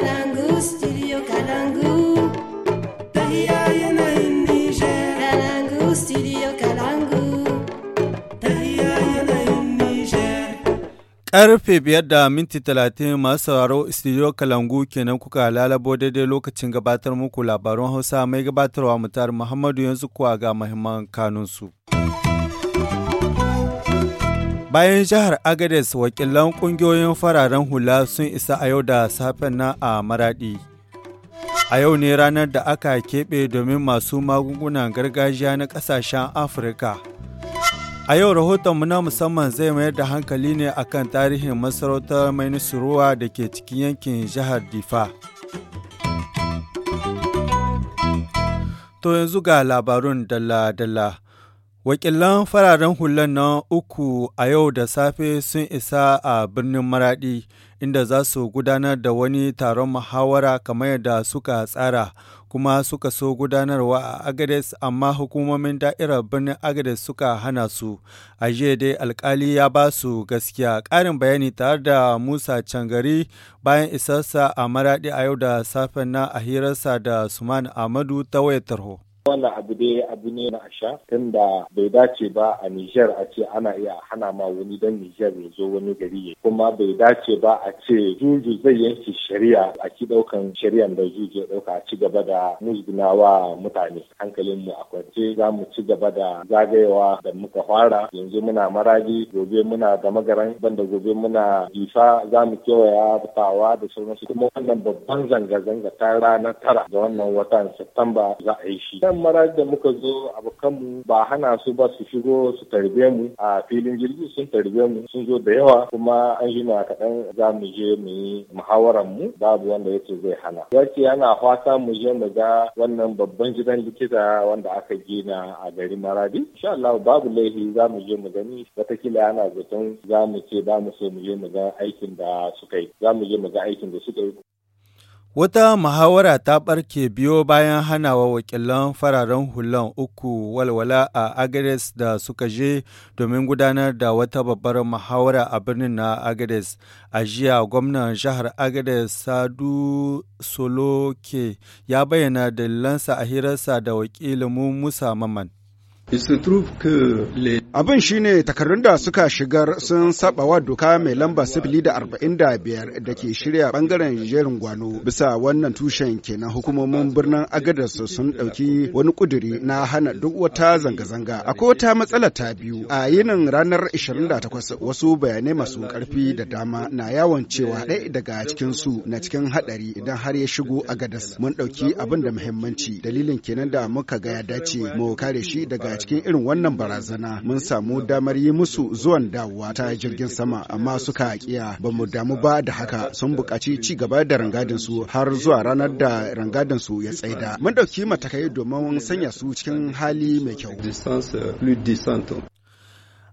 kalangu karfe biyar da minti talatin masu sauraro studio kalangu kenan kuka lalabo daidai lokacin gabatar muku labarun hausa mai gabatarwa mutar muhammadu yanzu kuwa ga mahimman kanunsu. Bayan jihar Agades wakilan ƙungiyoyin fararen hula sun isa a yau da safen na a Maraɗi. A yau ne ranar da aka keɓe domin masu magungunan gargajiya na ƙasashen Afirka. A yau rahotonmu na musamman zai mayar da hankali ne akan tarihin masarautar Mainisuruwa da ke cikin yankin jihar Difa. To yanzu ga labarun dalla-dalla. Wakilan fararen hulan na uku a yau da safe sun isa a birnin Maradi, inda za su gudanar da wani taron muhawara kamar yadda suka tsara, kuma suka so gudanarwa a Agades amma hukumomin da'irar birnin Agades suka hana su. A jiya dai alkali ya ba su gaskiya. Ƙarin bayani tare da Musa Cangari bayan isarsa a Maradi a yau da safe na a hirarsa da Suman Amadu ta wayar tarho. wannan abu dai abu ne na asha tunda bai dace ba a Nijar a ce ana iya hana ma wani dan Nijar ya zo wani gari ya kuma bai dace ba a ce juju zai yanke shari'a a ki daukan shari'a da juju ya dauka a ci gaba da musgunawa mutane hankalin mu a kwance za mu ci gaba da zagayewa da muka fara yanzu muna maradi gobe muna da magaran banda gobe muna jifa za mu kewaya fitawa da sauransu kuma wannan babban zanga-zanga ta ranar tara da wannan watan Satamba za a yi shi. mara da muka zo abokanmu ba hana su ba su shigo su tarbe mu a filin jirgi sun tarbe mu sun zo da yawa kuma an yi kaɗan za mu je mu yi muhawaran mu babu wanda yake zai hana yace yana fata mu je mu ga wannan babban gidan likita wanda aka gina a gari maradi insha Allah babu laifi za mu je mu gani watakila ana zaton za mu ce ba mu so mu je mu ga aikin da suka yi za mu je mu ga aikin da suka yi Wata muhawara ta ɓarke biyo bayan hanawa wakilan fararen hulan uku walwala a Agades da suka je domin gudanar da wata babbar muhawara a birnin na Agades. A jiya gwamnan jihar Agades Sadu Soloke ya bayyana dalilansa a hirarsa da wakilin Musa Maman. Abin shi ne takardun da suka shigar sun wa doka mai lamba sifili da arba'in da biyar da ke shirya bangaren jerin gwano bisa wannan tushen kenan hukumomin birnin agadas sun ɗauki wani kuduri na hana duk wata zanga-zanga. Akwai wata matsala ta biyu a yinin ranar 28 wasu bayanai masu karfi da dama na yawon cewa ɗaya daga cikin su na cikin haɗari idan har ya shigo agadas mun ɗauki abin da muhimmanci dalilin kenan da muka ga ya dace mu kare shi daga cikin irin wannan barazana mun samu damar yi musu zuwan dawowa ta jirgin sama amma suka kiya ba mu damu ba da haka sun buƙaci ci gaba da rangadin su har zuwa ranar da rangadin su ya tsaida mun ɗauki matakai domin sanya su cikin hali mai kyau euh,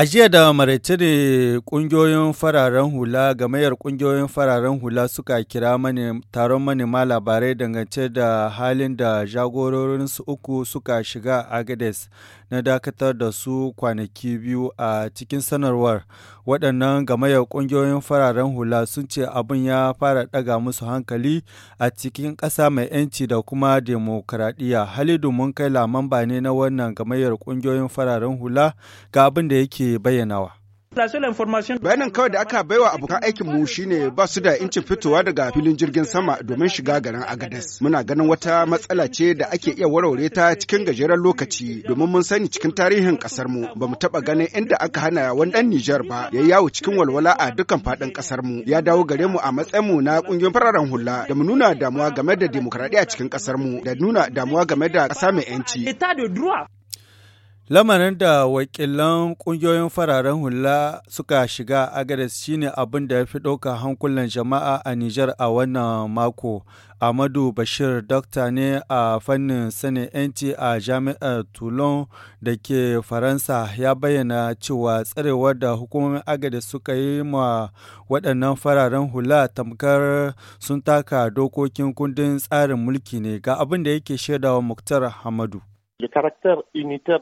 A jiya da maraitire kungiyoyin fararen hula gamayar kungiyoyin fararen hula suka kira mani taron manema labarai dangance da halin da jagororinsu uku suka shiga Agades na dakatar da su kwanaki biyu a cikin sanarwar waɗannan gamayyar ƙungiyoyin fararen hula sun ce abin ya fara ɗaga musu hankali a cikin ƙasa mai 'yanci da kuma demokuraɗiyya halidu mun kai lamamba ne na wannan gamayyar ƙungiyoyin fararen hula ga abin da yake bayyanawa Bayanin kawai da aka baiwa abokan aikin mu shine ba su da incin fitowa daga filin jirgin sama domin shiga garin agadez Muna ganin wata matsala ce da ake iya warware ta cikin gajeren lokaci domin mun sani cikin tarihin ƙasarmu ba mu taɓa ganin inda aka hana wani dan Nijar ba ya yawo cikin walwala a dukkan faɗin ƙasarmu. Ya dawo gare mu a mu na ƙungiyoyin fararen hula da mu nuna damuwa game da demokradiya cikin ƙasarmu da nuna damuwa game da kasa mai 'yanci. Lamarin da wakilan ƙungiyoyin fararen hula suka shiga agadas shine abin da ya fi ɗauka hankulan jama'a a Nijar a wannan mako. Amadu Bashir dokta ne a fannin sanin 'yanci a jami'ar Toulon da ke Faransa ya bayyana cewa tsarewar da hukumomin agadas suka yi ma waɗannan fararen hula tamkar sun taka dokokin kundin tsarin mulki ne ga abin da yake shaidawa Muktar Hamadu.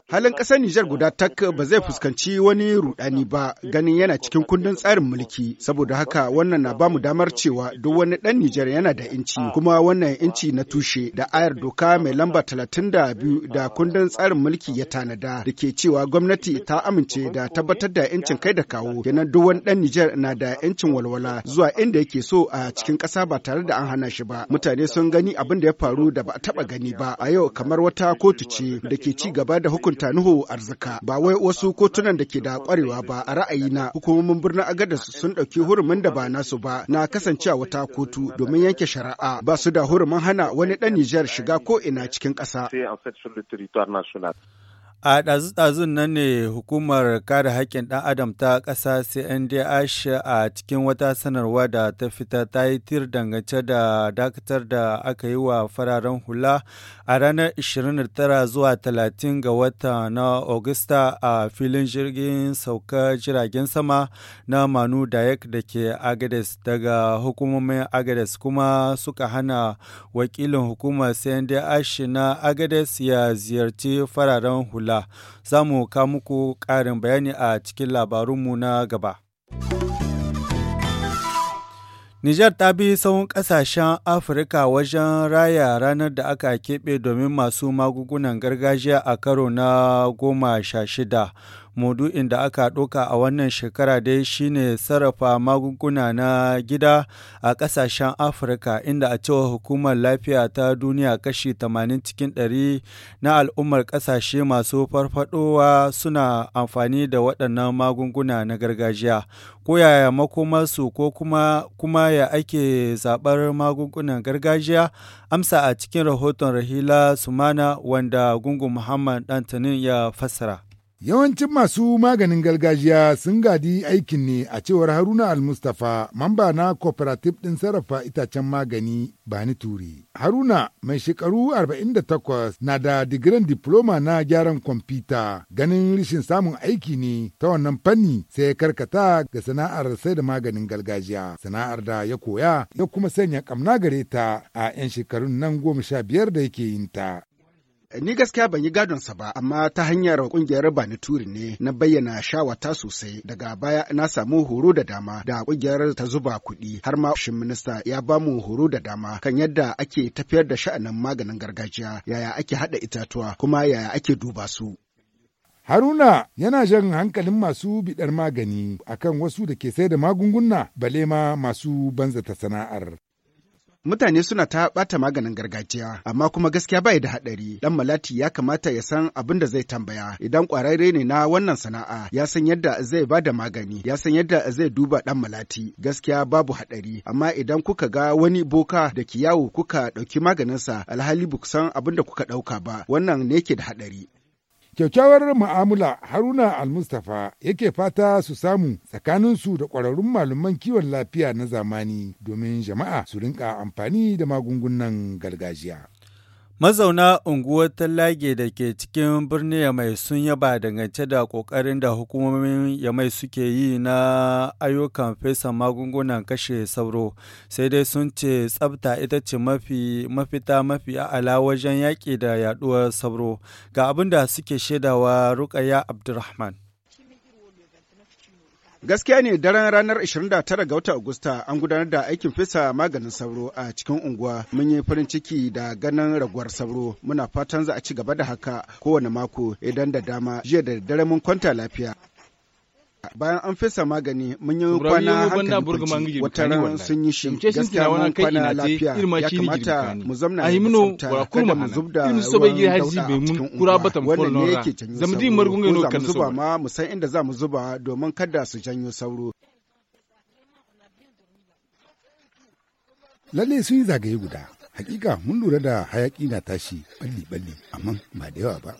Halin ƙasar Nijar guda tak ba zai fuskanci wani rudani ba ganin yana cikin kundin tsarin mulki saboda haka wannan na bamu damar cewa duk wani ɗan Nijar yana da inci kuma wannan inci na tushe da ayar doka mai lamba 32 da kundin tsarin mulki ya tanada da ke cewa gwamnati ta amince da tabbatar da incin kai da kawo kenan duk wani ɗan Nijar na da incin walwala zuwa inda yake so a cikin ƙasa ba tare da an hana shi ba mutane sun gani abin da ya faru da ba a taɓa gani ba a yau kamar wata kotu ce da ke ci gaba da hukunta Nuhu arzika ba wai wasu kotunan da ke da kwarewa ba a ra'ayina hukumomin birnin Agadas sun ɗauki hurumin da ba nasu ba na kasancewa wata kotu domin yanke shari'a ba su da hurumin hana wani ɗan Nijar shiga ko ina cikin ƙasa. A ɗazu-ɗazun nan ne hukumar kare haƙƙin ɗan Adam ta ƙasa CNDH a cikin wata sanarwa da ta fita ta yi tir dangance da dakatar da aka yi wa fararen hula a ranar 29 zuwa 30 ga wata na Augusta a filin jirgin sauka jiragen sama na Manu Dayak da ke Agades daga hukumomin Agades kuma suka hana wakilin hukumar CNDH na Agades ya ziyarci fararen hula. hula. Za mu ka muku ƙarin bayani a cikin labarunmu na gaba. Nijar ta bi tsawon ƙasashen Afirka wajen raya ranar da aka keɓe domin masu magungunan gargajiya a karo na goma sha shida. maudu'in da aka ɗauka a wannan shekara dai shine sarrafa magunguna na gida a ƙasashen afirka inda a cewa hukumar lafiya ta duniya kashi 80 cikin 100 na al'ummar ƙasashe masu farfadowa suna amfani da waɗannan magunguna na gargajiya ko yaya makomarsu ko kuma kuma ya ake zaɓar magungunan gargajiya amsa a cikin rahoton rahila sumana wanda gungun muhammad dantanin ya fassara Yawancin masu maganin gargajiya sun gadi aikin ne a cewar Haruna Almustafa, mamba na cooperative ɗin sarrafa itacen magani Bani Ture. Haruna mai shekaru 48 na da digirin diploma na gyaran kwamfuta ganin rishin samun aiki ne ta wannan fanni sai ya karkata ga sana'ar sai da maganin gargajiya. Sana'ar da ya koya ya kuma sanya kamna gare ta a 'yan shekarun nan goma sha biyar da yake yinta. Ni gaskiya ban yi gadonsa ba, amma ta hanyar kungiyar Bani Turi ne na bayyana shawata sosai daga baya na samu horo da dama da kungiyar ta zuba kuɗi har ma shin minista ya ba mu horo da dama kan yadda ake tafiyar da sha'anin maganin gargajiya, yaya ake haɗa itatuwa kuma yaya ake duba su. Haruna yana jan hankalin masu biɗar magani akan wasu da ke sai da magunguna balema masu masu banzata sana'ar. mutane suna ta bata maganin gargajiya amma kuma gaskiya bai da haɗari, dan malati ya kamata ya san abin da zai tambaya idan ƙwararre ne na wannan sana'a ya san yadda zai ba da magani ya san yadda zai duba dan malati gaskiya babu haɗari, amma idan kuka ga wani boka da kiyawo kuka ɗauki maganinsa alhali ba san abin da kuka ɗauka ba wannan ne ke da haɗari. Kyakkyawar mu'amala Haruna Almustapha yake fata su samu tsakaninsu da ƙwararrun malaman kiwon lafiya na zamani domin jama'a su rinka amfani da magungunan gargajiya. Mazauna unguwar Tallage da ke cikin birnin Yamai sun yaba dangance da ƙoƙarin da hukumomin Yamai suke yi na ayyukan fesa magungunan kashe sauro, sai dai sun ce tsabta ita ce mafi mafita mafi a'ala wajen yaƙi da yaɗuwar sauro. Ga abin da suke shaidawa Rukaya Abdulrahman. Gaskiya ne daren ranar 29 ga watan Agusta an gudanar da aikin fesa maganin sauro a cikin unguwa. Mun yi farin ciki da ganin raguwar sauro. Muna fatan za a ci gaba da haka kowane mako idan da dama. Jiya da dare mun kwanta lafiya. haka bayan an fesa magani mun yi kwana hankali ran sun yi shi gaskiya mun kwana lafiya ya kamata mu zamna a himino wa kurma mu zubda in so bai gida haji bai mun kura batan fol na yake zamdi margunga no kan zuba ma mu san inda za mu zuba domin kada su janyo sauro lalle sun yi zagaye guda hakika mun lura da hayaki na tashi balli balli amma ba da yawa ba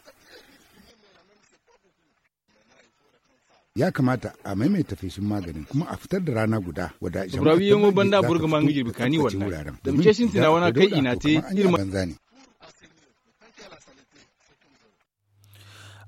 ya kamata a maimaita feshin maganin kuma a fitar da rana guda wada jama'a. Rabi wadda banda burgama ngijir da wannan. Damce shin tinawa na kai ina te irma.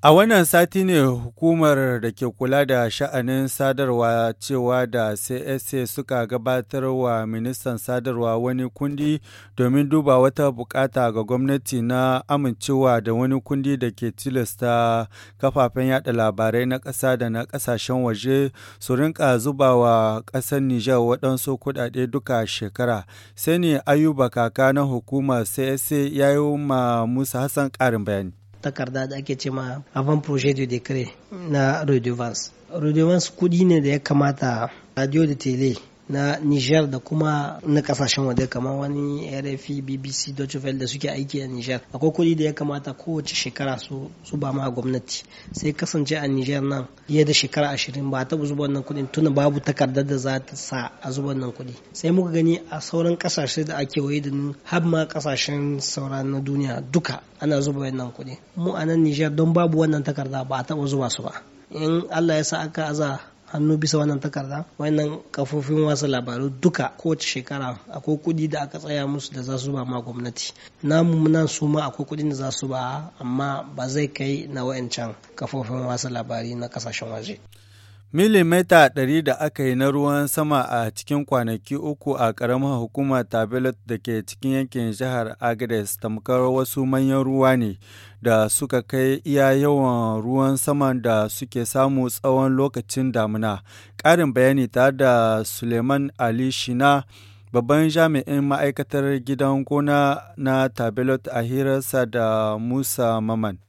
A wannan sati ne hukumar da ke kula da sha'anin sadarwa cewa da CSA suka gabatar wa ministan sadarwa wani kundi domin duba wata bukata ga gwamnati na amincewa da wani kundi da ke tilasta kafafen yada labarai na ƙasa da na ƙasashen waje su rinka zuba wa ƙasar Nijar waɗansu kuɗaɗe duka shekara. Sai ne Ayuba kaka na hukumar CSA ya yi ma Musa Hassan ƙarin bayani. takarda da ake ce ma avant projet de décret na redevance redevance kudi ne da ya kamata radio da tele na Niger da kuma na kasashen waje kamar wani RFI BBC Deutsche Welle da suke aiki a Niger akwai kuɗi da ya kamata kowace shekara su su ba ma gwamnati sai kasance a Niger nan fiye da shekara ashirin ba ta zuba wannan kuɗin tuna babu takardar da za ta sa a zuba wannan kuɗi sai muka gani a sauran kasashe da ake waye da har ma kasashen sauran na duniya duka ana zuba wannan kuɗi mu a nan Niger don babu wannan takarda ba a taɓa zuba su ba in Allah ya sa aka aza hannu bisa wannan takarda wannan kafofin wasa labaru duka kowace shekara akwai kudi da aka tsaya musu da za su ba ma gwamnati namu nan su ma akwai kudi da za su ba amma ba zai kai na wayancan kafofin wasa labari na kasashen waje Milimita ɗari da aka yi na ruwan sama a cikin kwanaki uku a ƙaramar hukumar Tabelot da ke cikin yankin jihar ta tamkar wasu manyan ruwa ne da suka kai iya yawan ruwan saman da suke samu tsawon lokacin damina. Ƙarin bayani ta da Suleiman Ali Shina babban jami'in ma'aikatar gidan gona na Tabelot a hirarsa da Musa Maman.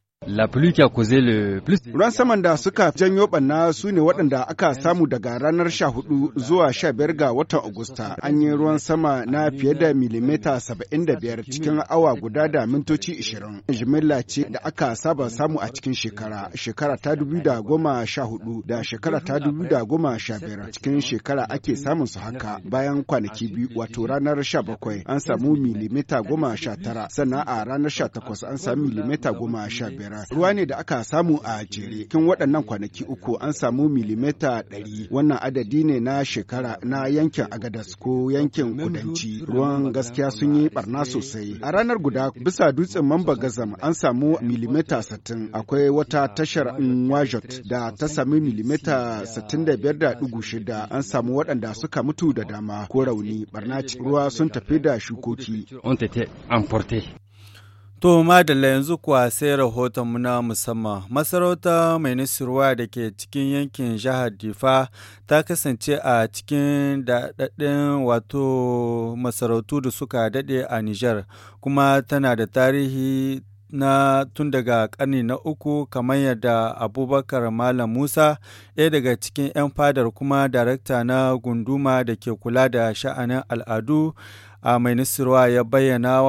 Ruwan saman da suka janyo ɓanna su ne waɗanda aka samu daga ranar 14 zuwa 15 ga watan Agusta. An yi ruwan sama na fiye da milimita 75 cikin awa guda da mintoci 20. Jimilla ce da aka saba samu a cikin shekara, shekara ta 2014 da shekara ta 2015. Cikin shekara ake samun su haka bayan kwanaki biyu wato ranar 17 an samu milimita 19 sannan a ranar 18 an samu milimita 15. ruwa ne da aka samu a jere kin waɗannan kwanaki uku an samu milimeta ɗari wannan adadi ne na shekara na yankin agadas ko yankin kudanci ruwan gaskiya sun yi barna sosai a ranar guda bisa dutsen mamba gazam an samu milimeta sittin akwai wata tashar nwajot da ta sami milimeta sittin da biyar da ɗugu shida an samu waɗanda suka mutu da dama ko rauni barna ruwa sun tafi da shukoki To madalla yanzu kuwa sai rahoton rahotonmu na musamman. Masarauta mai nisirwa da ke cikin yankin jihar Difa ta kasance a cikin daɗaɗɗen wato masarautu da suka daɗe a Nijar kuma tana da tarihi na tun daga ƙarni na uku kamar yadda abubakar malam musa ɗaya daga cikin 'yan fadar kuma darakta na gunduma da ke kula da sha'anin al'adu a mai nisirwa ya bayyana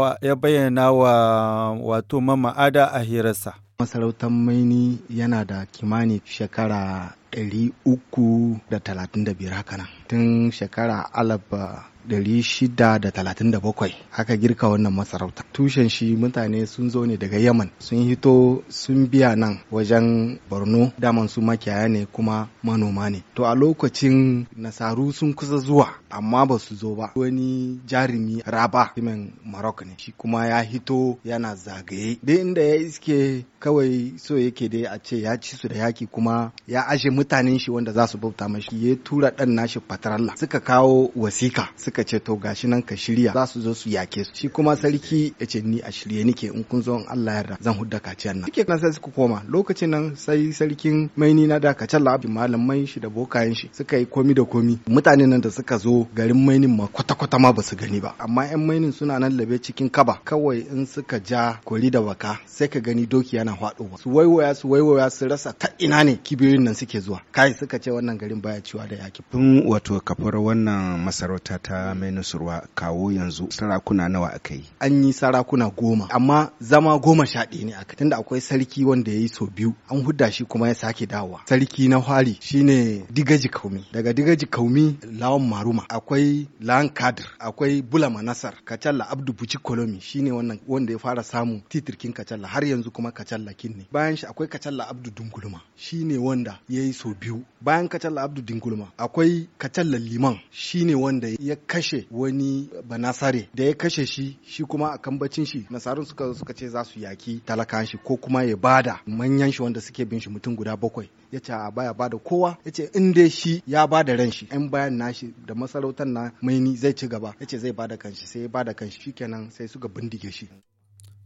wa wato mama'ada a hirarsa masarautar maini yana da kimanin shekara 335 haka nan tun shekara alaba 637 aka girka wannan masarauta tushen shi mutane sun zo ne daga yaman sun hito sun biya nan wajen borno daman su makiyaya ne kuma manoma ne to a lokacin nasaru sun kusa zuwa amma ba su zo ba wani jarumi raba jimin marok ne shi kuma ya hito yana zagaye dai inda ya iske kawai so yake dai a ce ya ci su da yaki kuma ya ashe mutanen shi wanda za su bauta mashi ya tura dan nashi fataralla suka kawo wasika suka ce to gashi nan ka shirya za su zo su yake su shi kuma sarki ya ce ni a shirye nike in kun zo in Allah yarda zan hudda kaciyar nan kike nan sai suka koma lokacin nan sai sarkin maini na da kacal labi malamai shi da bokayen shi suka yi komi da komi mutanen nan da suka zo garin mainin ma kwata kwata ma ba su gani ba amma yan mainin suna nan labe cikin kaba kawai in suka ja kori da baka sai ka gani doki yana faɗowa su waiwaya su waiwaya su rasa ta ina ne kibirin nan suke zuwa kai suka ce wannan garin baya ciwa da yaki tun wato kafar wannan masarauta ta ta mai nusurwa kawo yanzu sarakuna nawa aka yi an yi sarakuna goma amma zama goma sha ɗaya ne aka tunda akwai sarki wanda ya yi so biyu an hudda shi kuma ya sake dawowa sarki na hwari shine digaji kaumi daga digaji kaumi lawan maruma akwai lawan kadir akwai bulama nasar kacalla abdu buci kolomi shine wannan wanda ya fara samun titirkin kacalla har yanzu kuma kacalla kin ne bayan shi akwai kacalla abdu dungulma shine wanda ya yi so biyu bayan kacalla abdu dungulma akwai kacalla liman shine wanda ya kashe wani banasare da ya kashe shi shi kuma a kambacin shi nasarun suka suka ce za su yaki talakan shi ko kuma ya bada manyan shi wanda suke bin shi mutum guda bakwai ya ce a baya bada kowa ya ce in dai shi ya bada ran shi yan bayan nashi da masarautar na maini zai ci gaba ya ce zai bada kanshi sai ya bada kanshi shikenan sai suka bindige shi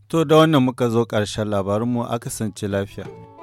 to da wannan muka zo ƙarshen labarinmu aka sanci lafiya